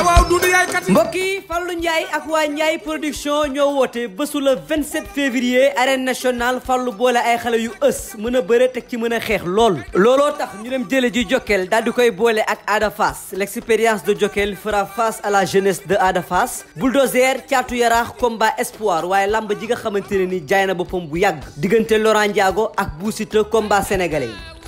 Ah, waaw Doudou Yaay mbokk yi Fallou Ndiaye ak waa Ndiaye production ñoo woote bésu le 27 février arène nationale Fallou boole ay xale yu ës mën a bëre teg ci mën a xeex lool looloo tax ñu dem jële ji Jokkel daal di koy boole ak adafas Fass l'expérience de Jokkel fera face à la jeunesse de Ada Fass bulldozer caatu yaraax combat espoir waaye làmb ji nga xamante ne ni jaay na boppam bu yàgg diggante Laurent Ndiago ak Bou Siteu combat yi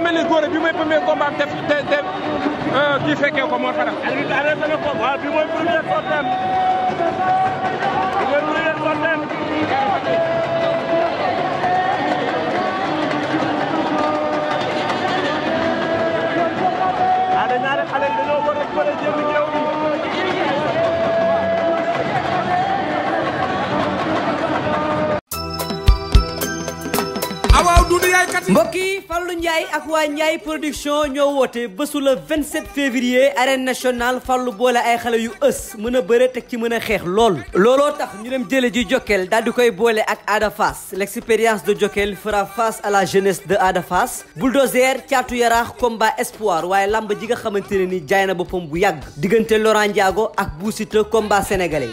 mel ni góor bi mooy premier combat def te te euh, kii fekkee ko moo tax. arrêté na ko waaw bi mooy premier sortem bi mooy premier sortem mbokk yi Fallou Ndiaye ak waa Ndiaye production ñoo woote bésu le 27 février arène nationale Fallou boole ay xale yu ës mën a bëre teg ci mën a xeex lool. looloo tax ñu dem jële ji Jokal daal di koy boole ak Ada l'expérience de Jokal fera face à la jeunesse de adafas Fass bulldozer caatu yaraax combat espoir waaye lamb ji nga xamante ne ni jaay na boppam bu yàgg diggante Laurent Ndiago ak Bou Siteu combat yi.